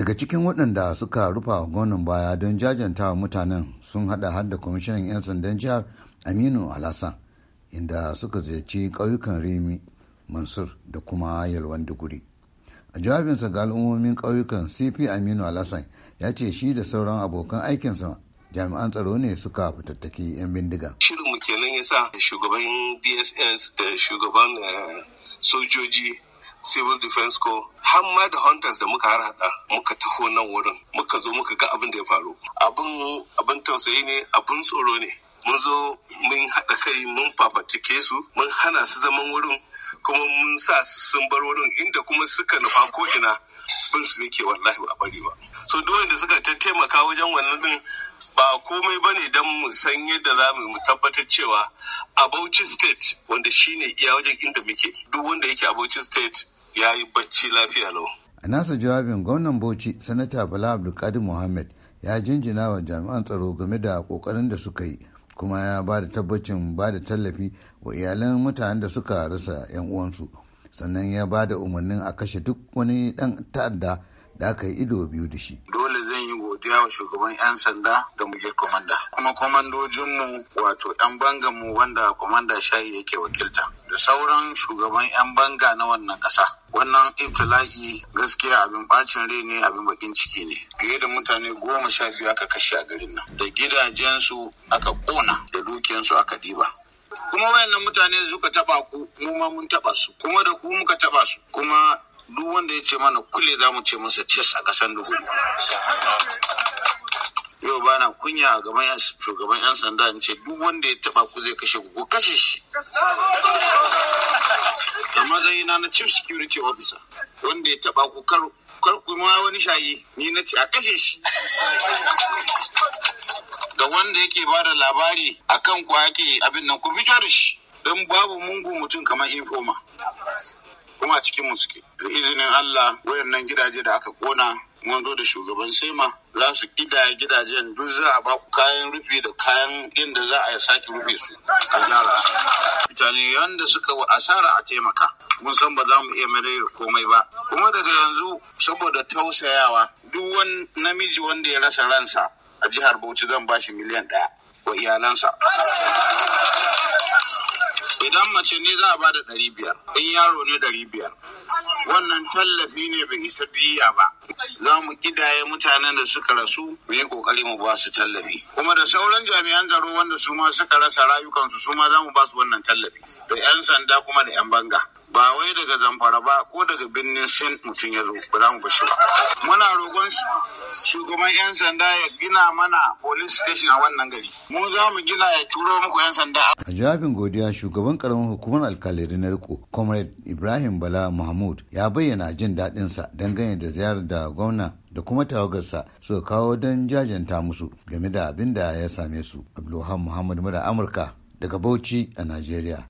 daga cikin waɗanda suka rufa gwamnan baya don jajanta mutanen sun hada har da kwamishinan 'yan sandan jihar aminu alhassan inda suka ziyarci ƙauyukan remi mansur da kuma yalwan duguri a jawabinsa ga al'ummomin ƙauyukan cp aminu alhassan ya ce shi da sauran abokan aikinsa jami'an tsaro ne suka fitattaki 'yan bindiga shirinmu kenan ya sa shugaban dss da shugaban eh, sojoji civil defense ko har ma da hunters da muka harhaɗa muka taho nan wurin muka zo muka ga abin da ya faru abin abin tausayi ne abin tsoro ne mun zo mun haɗa kai mun fafatike su mun hana su zaman wurin kuma mun sa su sun bar wurin inda kuma suka nufa ko ina bin su yake wallahi ba bari ba so dole da suka taimaka wajen wannan din ba komai ba ne don mu san yadda za mu tabbatar cewa a Bauchi state wanda shine iya wajen inda muke duk wanda yake a Bauchi state ya yi bacci lafiya lau. A nasa jawabin gwamnan Bauchi sanata Bala Abdulkadir Muhammad ya jinjina wa jami'an tsaro game da kokarin da suka yi kuma ya ba da tabbacin ba da tallafi wa iyalan mutanen da suka rasa 'yan uwansu. sannan ya ba da umarnin a kashe duk wani ɗan ta'adda da aka yi ido biyu da shi. Dole zan yi godiya wa shugaban 'yan sanda da mugir komanda. Kuma komandojinmu wato 'yan banganmu wanda komanda shayi yake wakilta. Da sauran shugaban 'yan banga na wannan ƙasa. Wannan ibtila'i gaskiya abin bacin rai ne abin bakin ciki ne. Fiye da mutane goma sha biyu aka kashe a garin nan. Da gidajensu aka ƙona da dukiyansu aka ɗiba. kuma wayannan mutane da suka taba ku mu ma mun taba su kuma da ku muka taba su kuma duk wanda ya ce mana kule za mu ce masa ces a kasan duhu yau ba kunya a gaban shugaban yan sanda in ce duk wanda ya taba ku zai kashe ku kashe shi da matsayina na chief security officer wanda ya taba ku kar ku wani shayi ni na ce a kashe shi ga wanda yake ba da labari a akan ku ake abin nan ku fito da shi don babu mungu mutum kamar infoma kuma cikin mu suke da izinin Allah wayannan gidaje da aka kona mun zo da shugaban sema za su gidaje gidajen duk za a ba ku kayan rufe da kayan inda za a sake rufe su a gyara mutane yanda suka wa asara a taimaka mun san ba za mu iya mere komai ba kuma daga yanzu saboda tausayawa duk wani namiji wanda ya rasa ransa a jihar Bauchi zan bashi miliyan ɗaya wa iyalansa. Idan mace ne za a ba da ɗari biyar, in yaro ne ɗari biyar. Wannan tallafi ne bai isa biya ba. Za mu kidaye mutanen da suka rasu mu yi kokari mu ba su tallafi. Kuma da sauran jami'an tsaro wanda su ma suka rasa rayukansu su ma za mu ba su wannan tallafi. Da 'yan sanda kuma da 'yan banga. ba wai daga zamfara ba ko daga birnin sin mutum ya zo ba za mu bashi ba muna roƙon shugaban yan sanda ya gina mana police station a wannan gari mu za mu gina ya turo muku yan sanda a jawabin godiya shugaban karamin hukumar alkalai na riko comrade ibrahim bala mahmud ya bayyana jin daɗinsa dangane da ziyarar da gwamna da kuma tawagarsa suka kawo don jajanta musu game da abin da ya same su abdulhamid muhammad mura amurka daga bauchi a najeriya